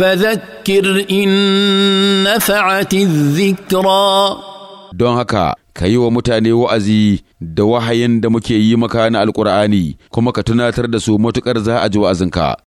فذكر إن نفعت الذكرى don haka ka yi wa mutane wa'azi da wahayin da muke yi maka na alkur'ani kuma ka tunatar da su matuƙar za a ji wa'azinka